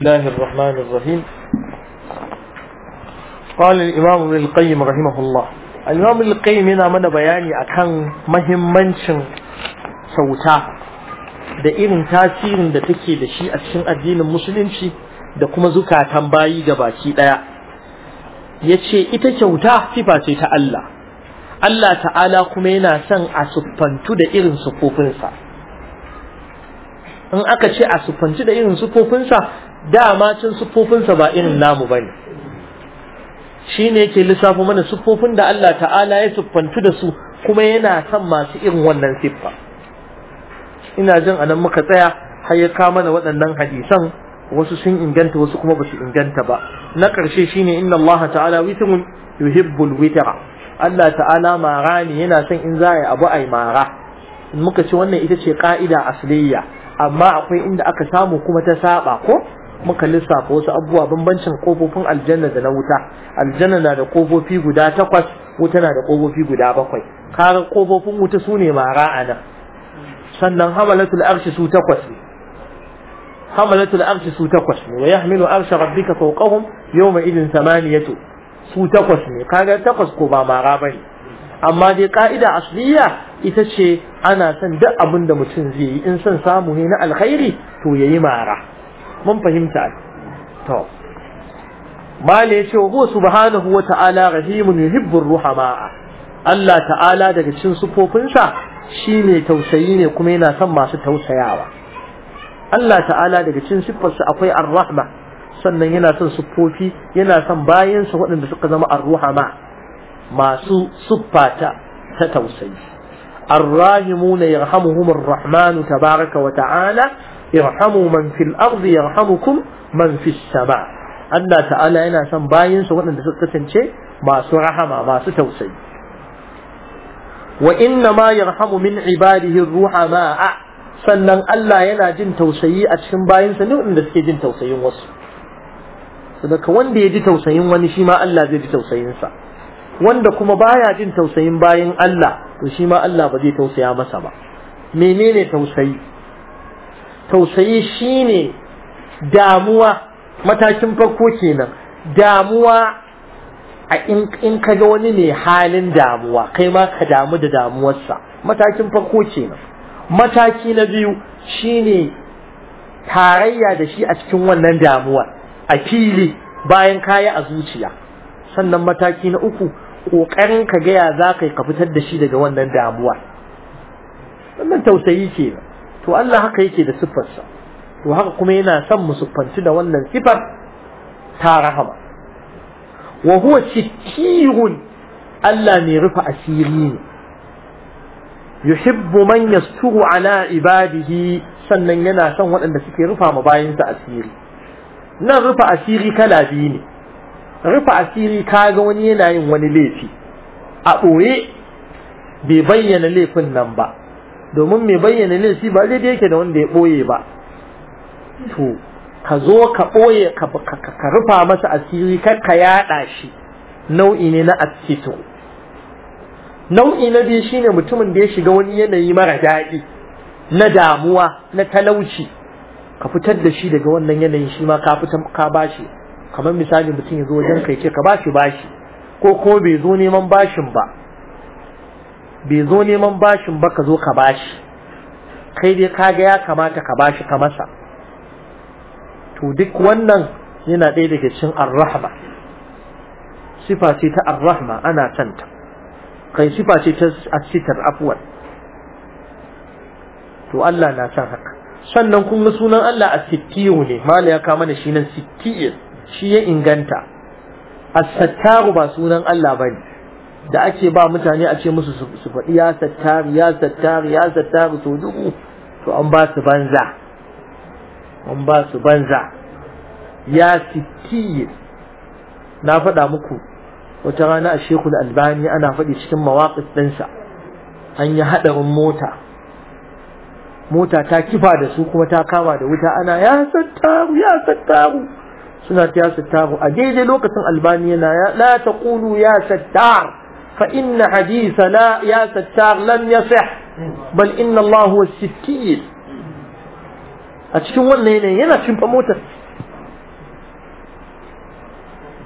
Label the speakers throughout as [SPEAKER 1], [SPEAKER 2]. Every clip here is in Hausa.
[SPEAKER 1] الله الرحمن الرحيم قال الإمام ابن القيم رحمه الله الإمام ابن القيم هنا من بياني أكان سوتا da irin tasirin da take da shi a cikin addinin musulunci da kuma zukatan bayi baki ɗaya ya ce ita kyauta sifa ce ta Allah Allah ta'ala kuma yana son a siffantu da irin siffofinsa in aka ce a siffantu da irin siffofinsa dama can siffofinsa ba irin namu bane ne yake lissafo mana siffofin da Allah ta'ala ya siffantu da su kuma yana son masu irin wannan siffa ina jin anan muka tsaya har ya kama mana waɗannan hadisan wasu sun inganta wasu kuma basu inganta ba na ƙarshe shine inna Allah ta'ala witrun yuhibbul witra Allah ta'ala mara ne yana son in za a yi abu ai mara muka ce wannan ita ce ka'ida asliya amma akwai inda aka samu kuma ta saba ko muka lissafa wasu abubuwa bambancin kofofin aljanna da na wuta aljanna na da kofofi guda takwas wuta na da kofofi guda bakwai kaga kofofin wuta su ne mara a nan sannan hamalatul arshi su takwas ne hamalatul arshi su takwas ne wa yahmilu arsha rabbika fawqahum yawma idin samaniyatu su takwas ne kaga takwas ko ba mara bane amma dai ka'ida asliya ita ce ana son duk abin da mutum zai yi in son samu ne na alkhairi to yayi mara mun fahimta to mala yace huwa subhanahu wa ta'ala rahimun yuhibbur ruhama'a. Allah ta'ala daga cikin sufofinsa shine tausayi ne kuma yana son masu tausayawa Allah ta'ala daga cikin siffarsa akwai ar-rahma sannan yana son sufofi yana son bayansa waɗanda suka zama ar-ruhama masu siffata ta tausayi ar-rahimuna yarhamuhumur rahmanu tabaraka wa ta'ala irhamu man fil ardi yarhamukum man fis sama Allah ta'ala yana son bayinsa waɗanda suka kasance masu rahama masu tausayi wa inna ma yarhamu min ibadihi ruhama sannan Allah yana jin tausayi a cikin bayinsa ne waɗanda suke jin tausayin wasu sadaka wanda ya ji tausayin wani shi ma Allah zai ji sa. wanda kuma baya jin tausayin bayin Allah to shi ma Allah ba zai tausaya masa ba menene tausayi tausayi shine damuwa matakin farko kenan damuwa a in ka ga wani ne halin damuwa kai ma ka damu da damuwarsa matakin farko kenan mataki na biyu shine tarayya da shi a cikin wannan damuwa a fili bayan kaya a zuciya sannan mataki na uku ƙoƙarin ka gaya za ka ka fitar da shi daga wannan damuwa wannan tausayi kenan to Allah haka yake da siffarsa to haka kuma yana son mu siffanci da wannan siffar ta rahama wa huwa sittirun Allah mai rufe asiri ne yuhibbu man yasturu ala ibadihi sannan yana son waɗanda suke rufa ma bayansa asiri nan rufe asiri kala biyu ne rufe asiri kaga wani yana yin wani laifi a ɓoye bai bayyana laifin nan ba domin mai bayyana laifi ba zai da yake da wanda ya ɓoye ba to ka zo ka ɓoye ka rufa masa asiri kar ka yaɗa shi nau'i ne na asito nau'i na biyu shine mutumin da ya shiga wani yanayi mara daɗi na damuwa na talauci ka fitar da shi daga wannan yanayin shi ma ka fitar ka bashi kamar misali mutum ya zo wajen kai ka bashi bashi ko kuma bai zo neman bashin ba bai zo neman bashin ba ka zo ka bashi kai dai kaga ya kamata ka bashi ka masa to duk wannan yana ɗaya daga cikin arrahma sifa ce ta arrahma ana canta kai sifa ce ta asitar afuwar, to Allah na san haka sannan kun ga sunan Allah a sittiyu ne mala ya kama da shi nan sittiyu shi ya inganta a sattaru ba sunan Allah ba ne. da ake ba mutane a ce musu su faɗi ya sattari ya sattari ya sattari to duku to an ba su banza an ba su banza ya sittir na faɗa muku wata rana a shekul albani ana faɗi cikin mawaƙis ɗinsa an yi haɗarin mota mota ta kifa da su kuma ta kama da wuta ana ya sattaru ya sattaru suna ta ya sattaru a daidai lokacin albani yana la ta ya sattar فإن حديث لا يا ستار لم يصح بل إن الله هو السكين أتشكو ولا هنا شنب موتر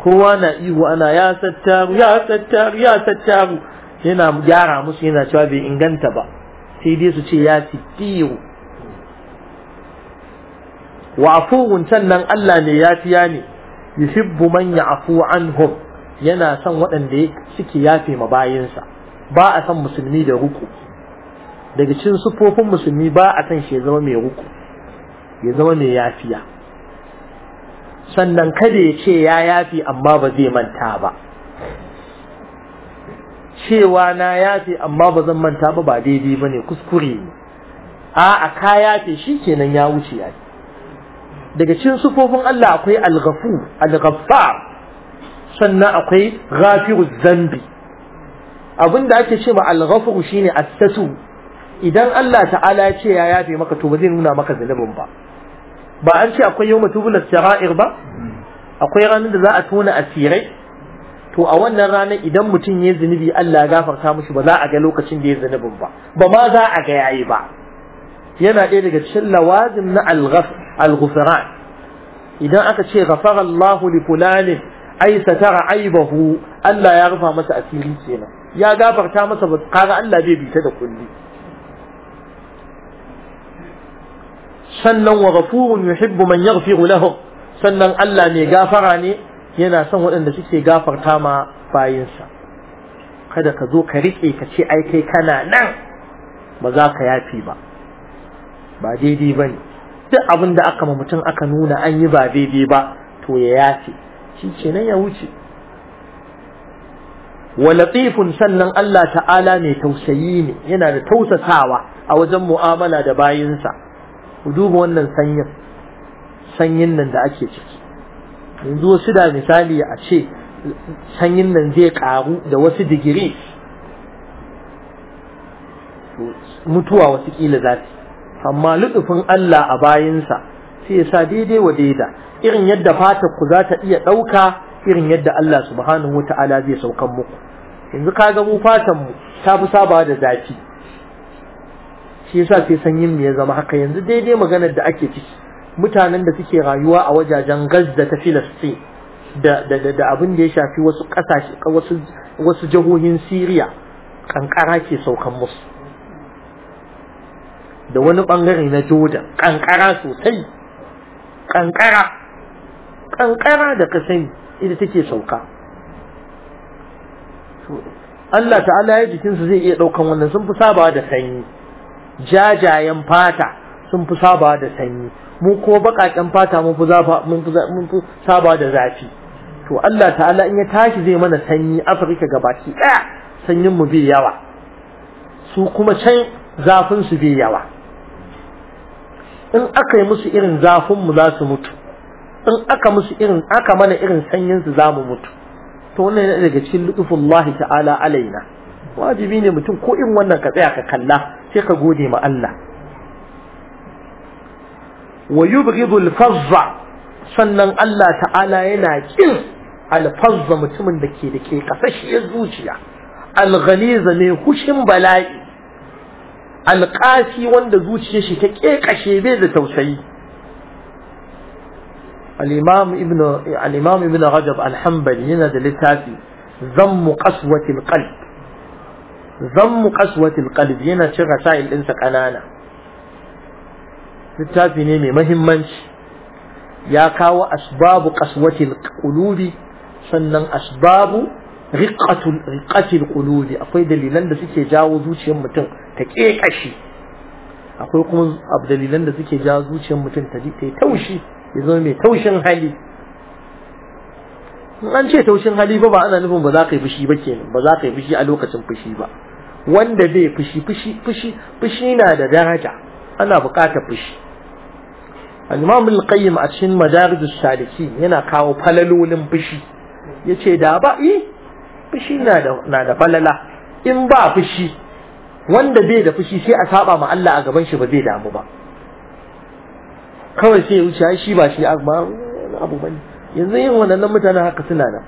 [SPEAKER 1] كوانا إيه أنا يا ستار يا ستار يا ستار yana gyara musu yana cewa bai inganta ba sai dai su ce ya sittiyo wa afuwun sannan Allah ne yafiya ne yuhibbu man ya'fu anhum yana son waɗanda suke yafe ma bayinsa ba a san musulmi da ruku daga cikin sufofin musulmi ba a san shi ya zama mai ruku ya zama mai yafiya sannan kada ya ce ya yafi amma ba zai manta ba cewa na yafi amma ba zan manta ba ba daidai ba ne kuskure ne a a ka yafi shi kenan ya wuce yafi daga cikin sufofin Allah akwai al-ghafur al-ghaffar sannan akwai ghafiru zambi abinda ake ce ma al-ghafiru shine as idan Allah ta'ala ya ce ya yafe maka to ba zai nuna maka zunubin ba ba an ce akwai yawma tubula sara'ir ba akwai ranar da za a tona asirai to a wannan ranar idan mutum ya zunubi Allah ya gafarta mushi ba za a ga lokacin da ya zunubin ba ba ma za a ga yayi ba yana ɗaya daga cikin lawazim na al idan aka ce ghafara Allahu li fulanin ai satara aibahu Allah ya rufa masa asiri kenan ya gafarta masa ba kaga Allah bai bita da kulli sannan wa ghafurun yuhibbu man yaghfiru lahu sannan Allah ne gafara ne yana son waɗanda suke gafarta ma bayinsa kada ka zo ka rike ka ce ai kai kana nan ba za ka yafi ba ba daidai bane duk abin da aka ma mutum aka nuna an yi ba daidai ba to ya yafi shi kenan ya wuce wa latifun sannan Allah ta'ala mai tausayi ne yana da tausasawa a wajen mu'amala da bayinsa ku duba wannan sanyin sanyin nan da ake ciki yanzu wasu da misali a ce sanyin nan zai karu da wasu digiri mutuwa wasu kila zafi. amma lutufin Allah a bayinsa sai ya sa daidai wa daida irin yadda fata ku za ta iya ɗauka irin yadda Allah subhanahu wa ta'ala zai saukan muku yanzu ka ga mu fatan mu ta fi saba da zafi shi yasa sai sanyin mu ya zama haka yanzu daidai maganar da ake ciki mutanen da suke rayuwa a wajajen Gaza ta Filistin da da da abin da ya shafi wasu kasashe wasu wasu jihohin Syria kankara ke saukan musu da wani bangare na Jordan kankara sosai kankara kankara da ka sani ita take sauka Allah ta'ala ya jikinsu zai iya ɗaukan wannan sun fi saba da sanyi jajayen fata sun fi saba da sanyi mu ko baƙaƙen fata mun fi saba da zafi to Allah ta'ala in ya tashi zai mana sanyi Afirka gabaki ɗaya sanyin mu bai yawa su kuma can zafin su bai yawa in aka yi musu irin zafin mu za su mutu in aka musu irin aka mana irin sanyinsu su za mu mutu to wannan yana daga cikin lutufullahi ta'ala alaina wajibi ne mutum ko in wannan ka tsaya ka kalla sai ka gode ma Allah wa yubghidu fazza sannan Allah ta'ala yana kin al-fazza mutumin da ke da ke kasashe zuciya al-ghaliza ne hushin bala'i alƙasi wanda zuciyar shi ta ƙeƙashe bai da tausayi al-imam ibn rajab al yana da littafi zammu qaswatil qalb yana cin rasail ɗinsa ƙanana. littafi ne mai muhimmanci ya kawo asbabu qaswatil ƙulubi sannan asbabu riƙatul ƙulubi akwai dalilan da suke jawo zuciyar mutum ta ƙeƙashi akwai kuma dalilan da suke jawo zuciyar mutum ta ta taushi ya zama mai taushin hali in an ce taushin hali ba ba ana nufin ba za ka yi fushi ba kenan ba za ka yi fushi a lokacin fushi ba wanda zai fushi fushi fushi fushi na da daraja ana buƙatar fushi al-imam al-qayyim a cikin madarijus as-salikin yana kawo falalolin fushi yace da ba eh fushi na da na da falala in ba fushi wanda bai da fushi sai a saba ma Allah a gaban shi ba zai damu ba kawai sai ya wuce shi ba shi abu bane yanzu yin wannan mutanen haka suna nan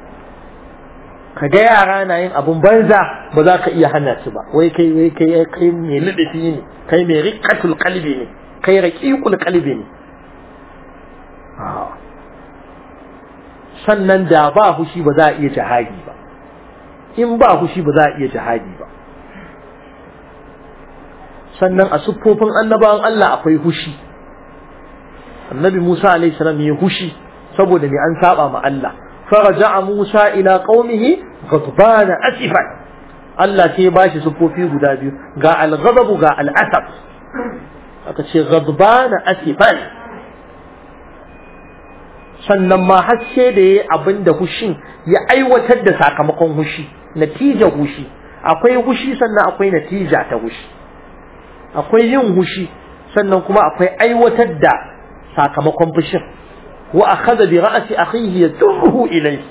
[SPEAKER 1] ka ga yara na yin abun banza ba za ka iya hana su ba wai kai wai kai kai mai ludafi ne kai mai riqatul qalbi ne kai raqiqul qalbi ne sannan da ba hushi ba za a iya jihadi ba in ba fushi ba za a iya jihadi ba sannan a siffofin annabawan Allah akwai hushi annabi Musa alaihi salam ya hushi saboda me an saba ma Allah faraja'a Musa ila qaumihi ghadbana asifan Allah sai ya bashi siffofi guda biyu ga al-ghadab ga al-asaf aka ce ghadbana asifan sannan ma har sai da yayi abinda hushin ya aiwatar da sakamakon hushi natija hushi akwai hushi sannan akwai natija ta hushi akwai yin hushi sannan kuma akwai aiwatar da sakamakon fushin wa akhadha bi ra'si akhihi yadurruhu ilayhi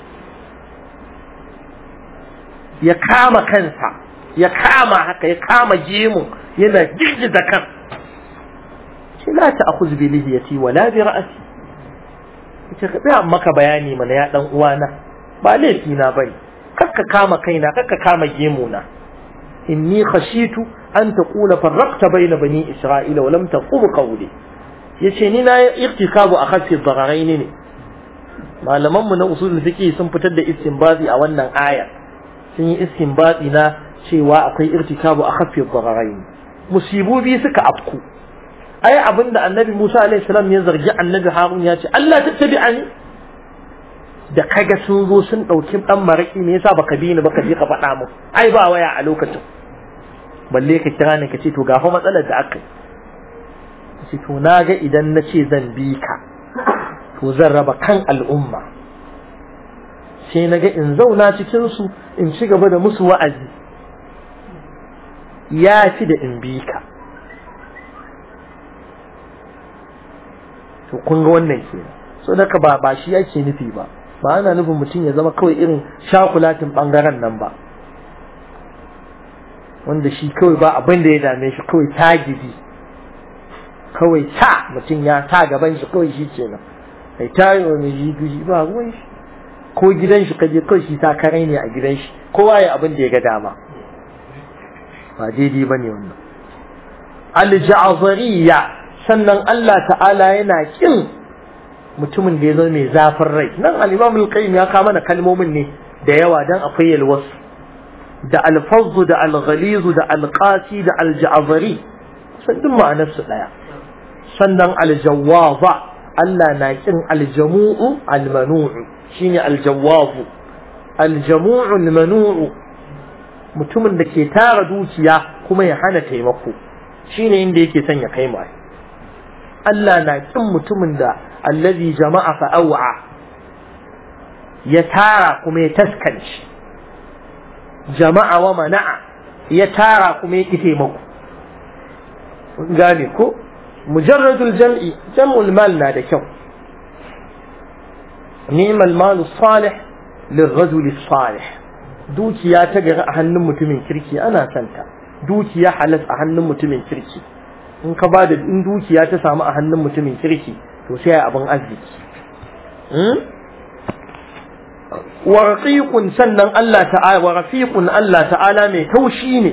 [SPEAKER 1] ya kama kansa ya kama haka ya kama jemu yana da kan shi la ta'khudh bi lihiyati wala bi ra'si ita ka maka bayani mana ya dan uwana ba laifi na bane kakka kama kaina kakka kama gemuna inni khashitu an taqula farraqta bayna bani isra'ila wa lam taqub qawli yace ni na irtikabu akhasi dhararain ne malaman mu na usul fiqh sun fitar da istinbazi a wannan aya sun yi istinbazi na cewa akwai irtikabu akhasi dhararain musibu bi suka afku ai abinda annabi Musa alaihi salam ya zargi annabi Harun ya ce Allah tattabi'ani da kaga sun zo sun ɗauki ɗan maraƙi me yasa baka bi ni baka je ka faɗa mu ai ba waya a lokacin balle ka kira ni ka ce to gafa matsalar da aka yi to na ga idan na ce zan bi ka to zan raba kan al'umma sai na ga in zauna cikin su in ci gaba da musu wa'azi ya fi da in bi ka to kun ga wannan kenan so daga ba ba shi yake nufi ba ba ana nufin mutum ya zama kawai irin shakulatin bangaren nan ba wanda shi kawai ba abin da ya dame shi kawai ta gidi. kawai ta mutum ya ta gaban shi kawai shi nan ai ta yi wani jiguji ba ruwan shi ko gidan shi kaje kawai shi ta karai ne a gidan shi kowa ya abin da ya ga dama ba daidai ba ne wannan al-ja'zariya sannan Allah ta'ala yana kin mutumin da ya zama mai zafin rai nan al-imam al-qayyim ya kawo mana kalmomin ne da yawa dan akwai was da al-fazz da al-ghaliz da al-qasi da al-ja'zari sun duk ma'anar su daya sannan al jawwaba Allah na kin al-jamu'u al-manu'u shine al-jawwazu al-jamu'u al-manu'u mutumin da ke tara dukiya kuma ya hana taimako shine inda yake son ya kai mai Allah na kin mutumin da allazi jama'a fa aw'a ya tara kuma ya taskanci jama'a wa mana'a ya tara kuma ya kife maku gane ko mujarradul jam'i jam'ul mal na da kyau ni'mal malu salih lirrajuli salih dukiya ta gari a hannun mutumin kirki ana santa dukiya halas a hannun mutumin kirki in ka ba da in dukiya ta samu a hannun mutumin kirki to sai abin arziki hmm? wa rafiqun sannan Allah ta'ala wa Allah ta'ala mai taushi ne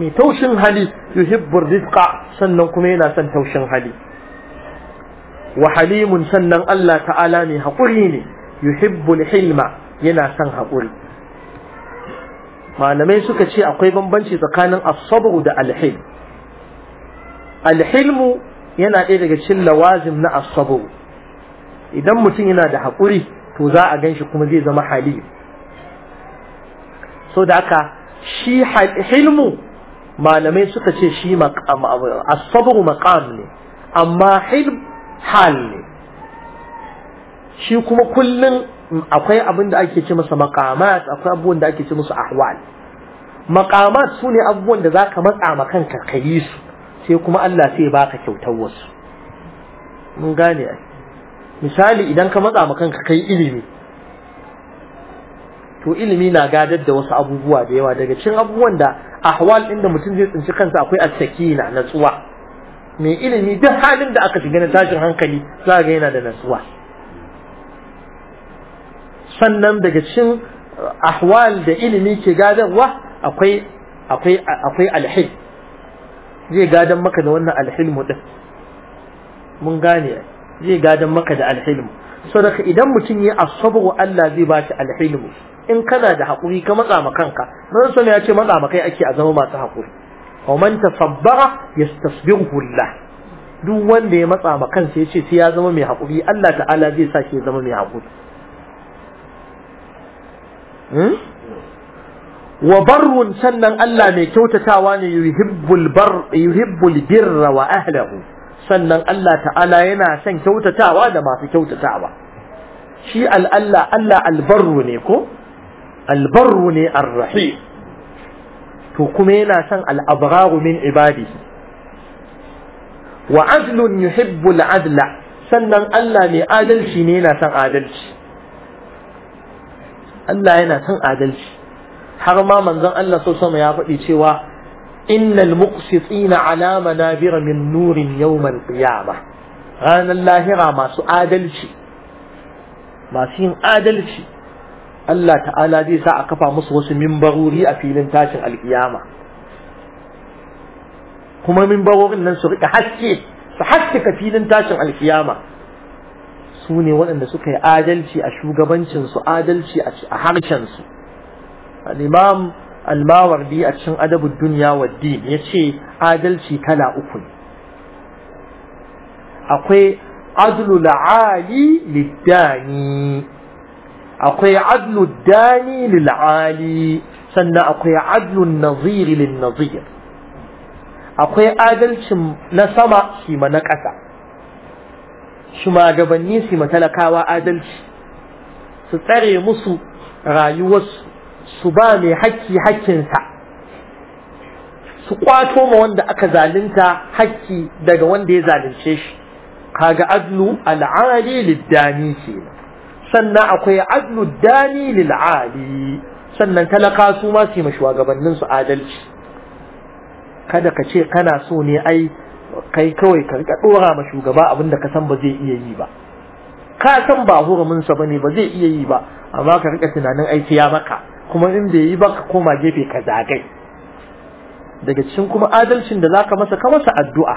[SPEAKER 1] mai taushin hali yuhibbur rizqa sannan kuma yana son taushin hali wa halimun sannan Allah ta'ala mai haƙuri ne yuhibbul hilma yana son haƙuri malamai suka ce akwai bambanci tsakanin as da al-hilm al-hilmu yana ɗaya daga cikin lawazim na asabo idan mutum yana da haƙuri to za a ganshi kuma zai zama hali. so da haka shi hilmu malamai suka ce shi asabru maƙam ne amma hilm hal ne shi kuma kullum akwai abin da ake ce masa maƙamat akwai abubuwan da ake ce musu ahwal maƙamat su ne abubuwan da za ka matsa ma kanka ka yi su sai kuma Allah sai baka kyautar wasu mun gane misali idan ka matsa kanka kai ilimi to ilimi na gadar da wasu abubuwa da yawa daga cikin abubuwan da ahwal din da mutum zai tsinci kansa akwai as-sakina natsuwa mai ilimi duk halin da aka shiga na tashin hankali za ga yana da natsuwa sannan daga cikin eh, ahwal da ilimi ke gadarwa akwai akwai akwai zai gadon maka da wannan alhilmu din mun gane zai gadon maka da alhilmu saboda idan mutum ya asabu Allah zai ba shi alhilmu in kana da haƙuri ka matsa ma kanka manzon sun ya ce matsa ma kai ake a zama masu haƙuri wa man tasabbara yastasbihu Allah duk wanda ya matsa ma kansa ya ce sai ya zama mai haƙuri Allah ta'ala zai sa shi ya zama mai haƙuri hmm? وبرٌ سنن ألا ميتوتا تاوان يحب البر يحب البر وأهله سنن ألا تعالى ينا سن كوتا تاوان ما في كوتا تاوان شيء ألا ألا البرني كو البرني الرحيم تو تقومينا سن الأبغاغ من عباده وعدل يحب العدل سنن ألا مي آدلشي نينا سن آدلشي ألا ينا سن آدلشي har ma manzon Allah so sama ya faɗi cewa innal muqsitina ala bira min nurin yawmal qiyamah ranar lahira masu adalci masu yin adalci Allah ta'ala zai sa a kafa musu wasu mimbarori a filin tashin alkiyama kuma mimbarorin nan su rika haske su haskaka filin tashin alkiyama su ne waɗanda suka yi adalci a shugabancinsu adalci a harshensu al-imam al a cikin adabud waddi wa din adalci kala uku akwai adlul ali lidani akwai adlu dani lil sannan akwai adlun nazir lin akwai adalcin na sama shi ma na ƙasa shi ma talakawa adalci su tsare musu rayuwarsu su ba mai hakki haƙƙinsa su kwato ma wanda aka zalunta hakki daga wanda ya zalunce shi kaga adlu al'ali liddani ce. sannan akwai adlu dani lil'ali sannan talaka su ma su ma shugabannin su adalci kada ka ce kana so ne ai kai kawai ka rika dora ma shugaba abinda ka san ba zai iya yi ba ka san ba hurumin sa bane ba zai iya yi ba amma ka rika tunanin aiki ya maka kuma in bai yi ba ka koma gefe ka zagai daga cikin kuma adalcin da zaka masa ka masa addu'a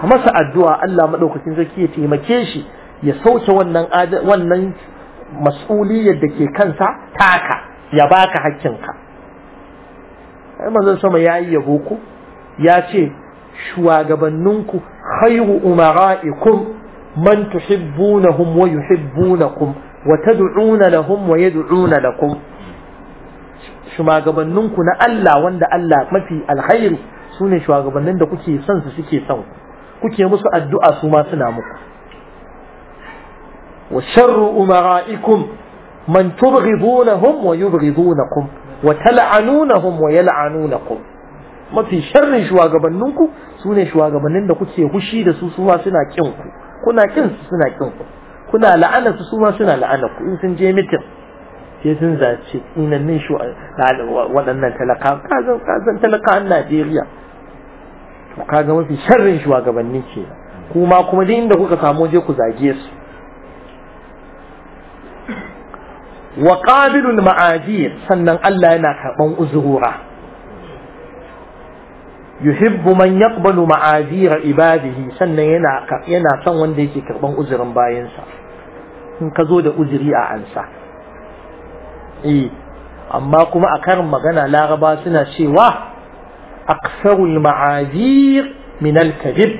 [SPEAKER 1] ka masa addu'a Allah madaukakin zaki ya taimake shi ya sauke wannan wannan mas'uliyar da ke kansa taka ya baka ka ai manzon sama yayi yabo ku ya ce shugabanninku khayru umara'ikum man tuhibbunahum wa yuhibbunakum wa tad'una lahum wa yad'una lakum shugabanninku na Allah wanda Allah mafi alkhairi sune ne shugabannin da kuke son su suke son kuke musu addu'a su ma suna muku wa sharru umara'ikum man tubghidunahum wa yubghidunakum wa tal'anunahum wa yal'anunakum mafi sharrin shugabanninku sune ne shugabannin da kuke hushi da su su ma suna kin kuna kin su suna kin kuna la'ana su su ma suna la'ana ku in sun je mitin sai sun zace ina shi waɗannan talaka kazan kazan a Najeriya to kaga mafi sharrin shugabanni ke kuma kuma duk inda kuka samu je ku zage su wa qabilul ma'ajir sannan Allah yana karban uzura yuhibbu man yaqbalu ma'azira ibadihi sannan yana yana son wanda yake karban uzurin bayansa in ka zo da uzuri a ansa eh amma kuma a karin magana laraba suna cewa aksarul ma'azir min al kadhib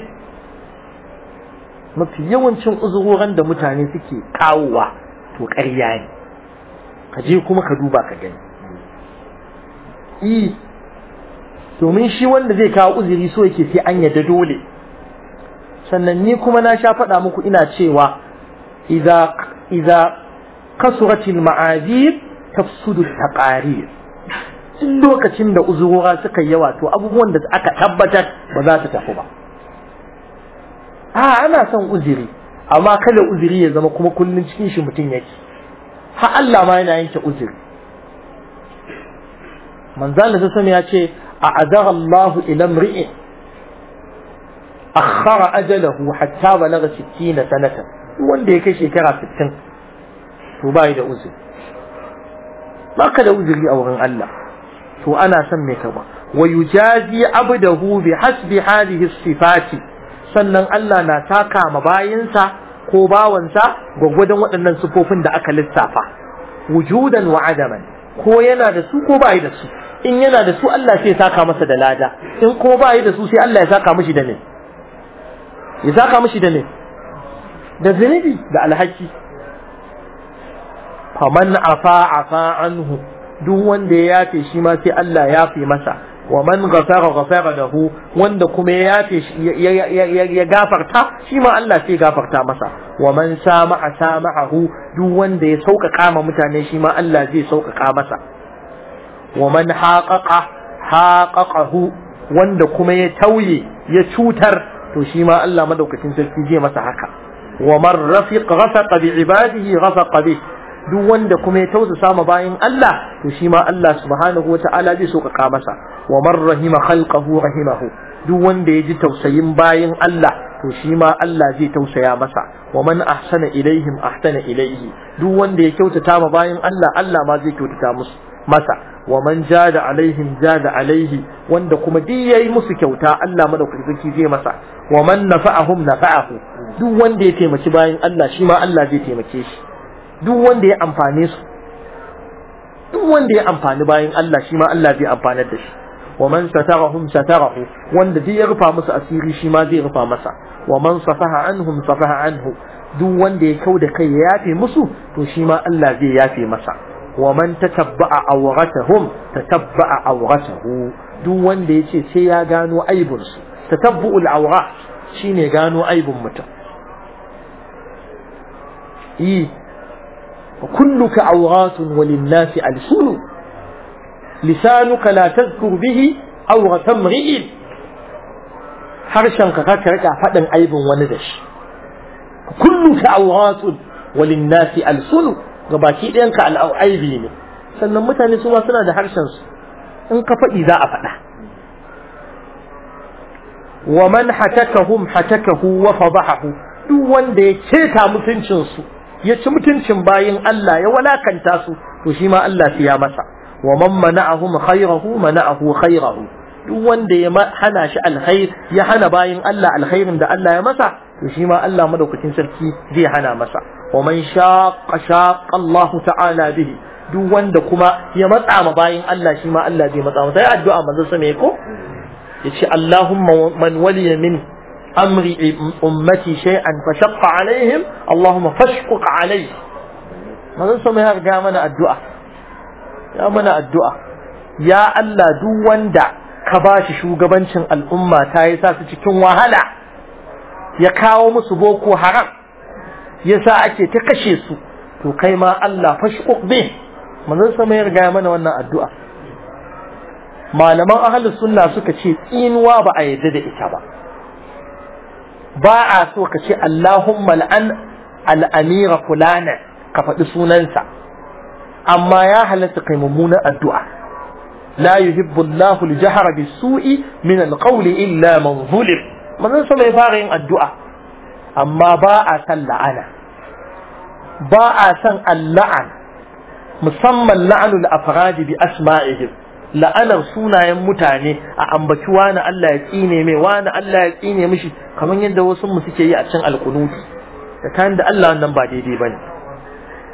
[SPEAKER 1] mafi yawancin uzuroran da mutane suke kawowa to ƙarya ne ka je kuma ka duba ka gani i eh, domin shi wanda zai kawo uzuri so yake sai an yadda dole sannan ni kuma na sha faɗa muku ina cewa idza idza kasuratil ma'azir tafsudu ƙari in lokacin da uzurora suka yi yawa to abubuwan da aka tabbatar ba za su tafi ba a ana son uzuri amma kada uzuri ya zama kuma kullun cikin shi mutum yake ha Allah ma yana yanke uzuri manzan da sami ya ce a azara Allah ila mri'in akhara ajalahu hatta balaga 60 sanata wanda ya kai shekara 60 to bai da uzuri baka da uzuri a wurin Allah to ana son mai karba wa yujazi abdahu bi hasbi hadhihi sifati sannan Allah na taka ma bayinsa ko bawansa gwagwadon waɗannan sifofin da aka lissafa wujudan wa adaman ko yana da su ko bai da su in yana da su Allah sai ya saka masa da lada in ko bai da su sai Allah ya saka mishi da ne ya saka mishi da ne da zunubi da alhaki faman afa afa anhu duk wanda ya yafe shi ma sai Allah ya fi masa wa man ghafara ghafara lahu wanda kuma ya yafe ya gafarta shi ma Allah sai gafarta masa wa man sama'a sama'ahu duk wanda ya sauƙaƙa ma mutane shi ma Allah zai sauƙaƙa masa wa man haqaqa haqaqahu wanda kuma ya tauye ya cutar to shi ma Allah madaukakin sarki zai masa haka wa man rafiq ghafaqa bi ibadihi ghafaqa bihi duk wanda kuma ya tausa sama bayan Allah to shi ma Allah subhanahu wata'ala zai sauƙaƙa masa wa man rahima khalqahu rahimahu duk wanda ya ji tausayin bayan Allah to shi ma Allah zai tausaya masa wa man ahsana ilaihim ahsana ilaihi duk wanda ya kyautata ma bayan Allah Allah ma zai kyautata musu masa wa man jada alaihim jada alaihi wanda kuma duk yayi musu kyauta Allah madaukaki zai masa wa man nafa'ahum nafa'ahu duk wanda ya taimaki bayan Allah shi ma Allah zai taimake shi duk wanda ya amfane su duk wanda ya amfani bayan Allah shi ma Allah zai amfanar da shi wa man satarahum satarahu wanda zai ya rufa musu asiri shi ma zai rufa masa wa man safaha anhum safaha anhu duk wanda ya kauda kai ya yafe musu to shi ma Allah zai yafe masa wa man tatabba'a awratahum tatabba'a awratahu duk wanda yace sai ya gano aibun su tatabbu'ul awrat shine gano aibun mutum kulluka awratun walinnasi alsunu lisanuka la tazkur bihi awratan harshenka ka rika faɗin aibin wani da shi kulluka awratun walinnasi alsunu ga baki ɗayanka al'aibi ne sannan mutane su suna da harshen su in ka faɗi za a faɗa wa man hatakahum hatakahu wa fadahahu duk wanda ya keta mutuncin su ya ci mutuncin bayin Allah ya walakanta su to shi ma Allah sai masa wa man hairahu khayrahu mana'ahu khayrahu duk wanda ya hana shi alkhair ya hana bayin Allah alkhairin da Allah ya masa to shi ma Allah madaukakin sarki zai hana masa wa man shaqqa shaqqa Allah ta'ala bihi duk wanda kuma ya matsa ma bayin Allah shi ma Allah zai matsa masa sai addu'a manzo sa me ko yace Allahumma man waliya min أمر أمتي شيئا فشق عليهم اللهم فاشقق عليه ما زال سمي هر جامنا الدعاء يا منا الدعاء يا الله دو وندا كباش شو جبنشن الأمة تايسا تشكون وهلا ya kawo musu boko haram yasa ake ta kashe su to kai ma Allah fashquq bih manzon wannan addu'a malaman ahlus sunna suka ce tsinuwa ba a yadda da ita ba ba a so ka ce Allahumma Mal'an al'amira fulana ka faɗi sunansa amma ya halatta kai mummunan addu'a la yuhibbu Allahu al-jahra sui min al illa man zulim manzon sa mai fara yin addu'a amma ba a san la'ana ba a san al-la'an musamman la'anul Afiradi bi asma'ihim la'anar sunayen mutane a ambaci wani Allah ya tsine mai wani Allah ya tsine mishi kamar yadda wasu mu suke yi a can alkunuti da kayan da Allah wannan ba daidai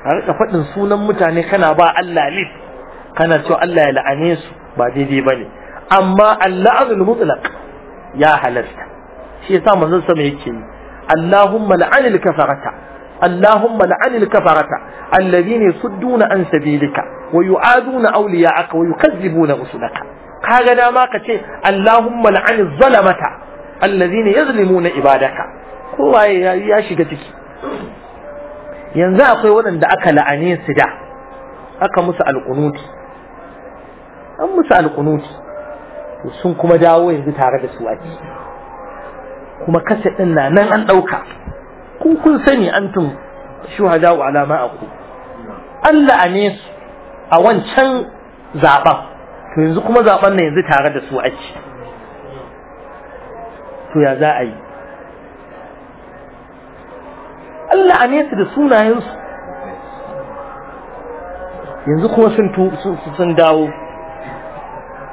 [SPEAKER 1] a rika faɗin sunan mutane kana ba Allah kana cewa Allah ya la'ane su ba daidai ne. amma Allah laanul mutlaq ya halarta. shi yasa manzon sama yake yi Allahumma la'anil kafarata Allahumma la'anil kafarata alladhina yasudduna an sabilika ويعادون أولياءك ويكذبون رسلك kaga dama ka ce Allahumma la'ani zalamata allazina yazlimuna ibadaka kowa ya shiga ciki yanzu akwai waɗanda aka la'ane su da aka musu alƙunuti an musu alƙunuti sun kuma dawo yanzu tare da su aji kuma kasa ɗin na nan an ɗauka kun kun sani antum shuhada wa alama aku an la'ane su a wancan zaben to yanzu kuma zaben na yanzu tare da su ci to ya za a yi Allah a nesa da sunayensu yanzu kuma sun dawo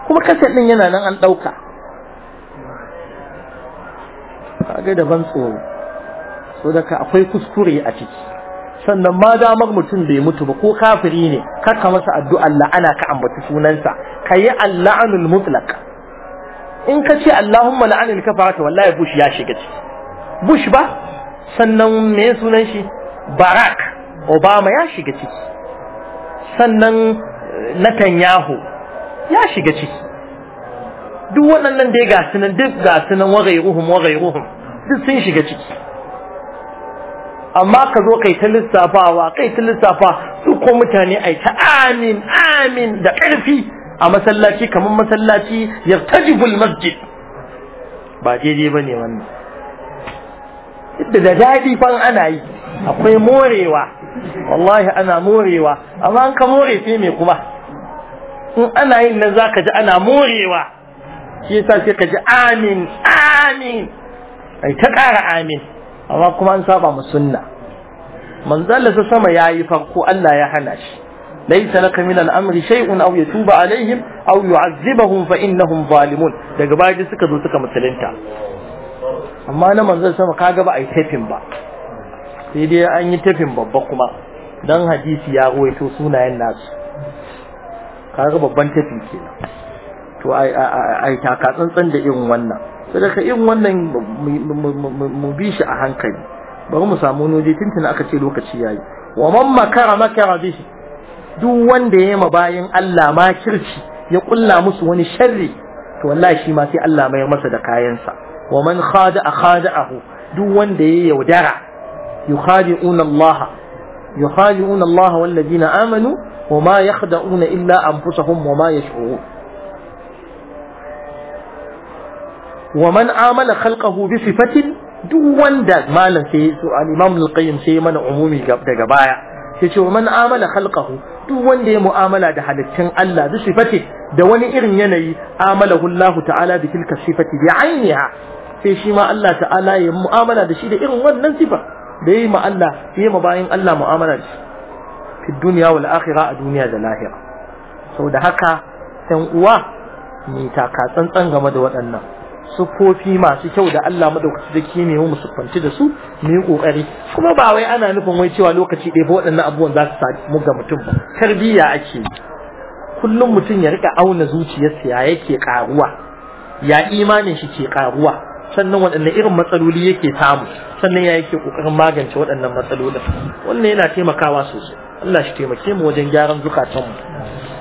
[SPEAKER 1] kuma kasar ɗin yana nan an ɗauka ga daban tsoro so daga akwai kuskure a ciki sannan ma damar mutum bai mutu ba ko kafiri ne karka masa Addu'an la'ana ka ambaci sunansa ka yi alla'anul mutlaq in ka ce allahumma la'anil kafarata wallahi bush ya shiga ciki bush ba sannan me sunan shi barak obama ya shiga ciki sannan eh, netanyahu ya shiga ciki duk waɗannan dai ga sunan duk ga sunan wa ghayruhum wa ghayruhum duk sun shiga ciki amma ka zo kai ta lissafawa kai ta lissafa su ko mutane ai ta amin amin da ƙarfi a masallaci kamar masallaci yartajibul masjid ba daidai bane wannan da daɗi fan ana yi akwai morewa wallahi ana morewa amma an ka more sai me kuma in ana yin nan zaka ji ana morewa shi yasa sai ka ji amin amin ai ta ƙara amin amma kuma an saba mu sunna manzalla sa sama yayi farko Allah ya hana shi laysa laka min al-amri shay'un aw yatuba alaihim aw yu'azzibahum fa innahum zalimun daga baya suka zo suka musulunta amma na manzon sama kaga ba a yi tafin ba sai dai an yi tafin babba kuma dan hadisi ya ruwaito sunayen nasu kaga babban tafi kenan to ai taka tsantsan da irin wannan sadaka irin wannan mu bi shi a hankali bari mu samu wani waje tuntuna aka ce lokaci yayi wa man makara makara bihi duk wanda ya ma bayan Allah ma kirci ya kulla musu wani sharri to wallahi shi ma sai Allah mayar masa da kayansa wa man khada khada'ahu duk wanda ya yaudara yukhadi'una Allah yukhadi'una Allah wal ladina amanu وما يخدعون إلا أنفسهم وما يشعرون wa man amala khalqahu bi sifatin duk wanda malam sai su al-imam al-qayyim sai mana umumi daga baya sai ce wa man amala khalqahu duk wanda ya mu'amala da halittun Allah bi sifati da wani irin yanayi amalahu Allah ta'ala bi tilka sifati bi ainiha sai shi ma Allah ta'ala ya mu'amala da shi da irin wannan sifa da yayi ma Allah yayi ma bayin Allah mu'amala da shi fi dunya wal akhirah a duniya da lahira saboda haka 'yan uwa ni ka tsantsan game da waɗannan sufofi masu kyau da Allah madaukaki da ke nemi musuffanci da su mu yi kokari kuma ba wai ana nufin wai cewa lokaci ɗaya ba waɗannan abubuwan za su samu ga mutum ba tarbiyya ake kullum mutum ya rika auna zuciyarsa ya yake karuwa ya imanin shi ke karuwa sannan waɗannan irin matsaloli yake samu sannan ya yake kokarin magance waɗannan matsalolin wannan yana taimakawa sosai Allah shi taimake mu wajen gyaran zukatanmu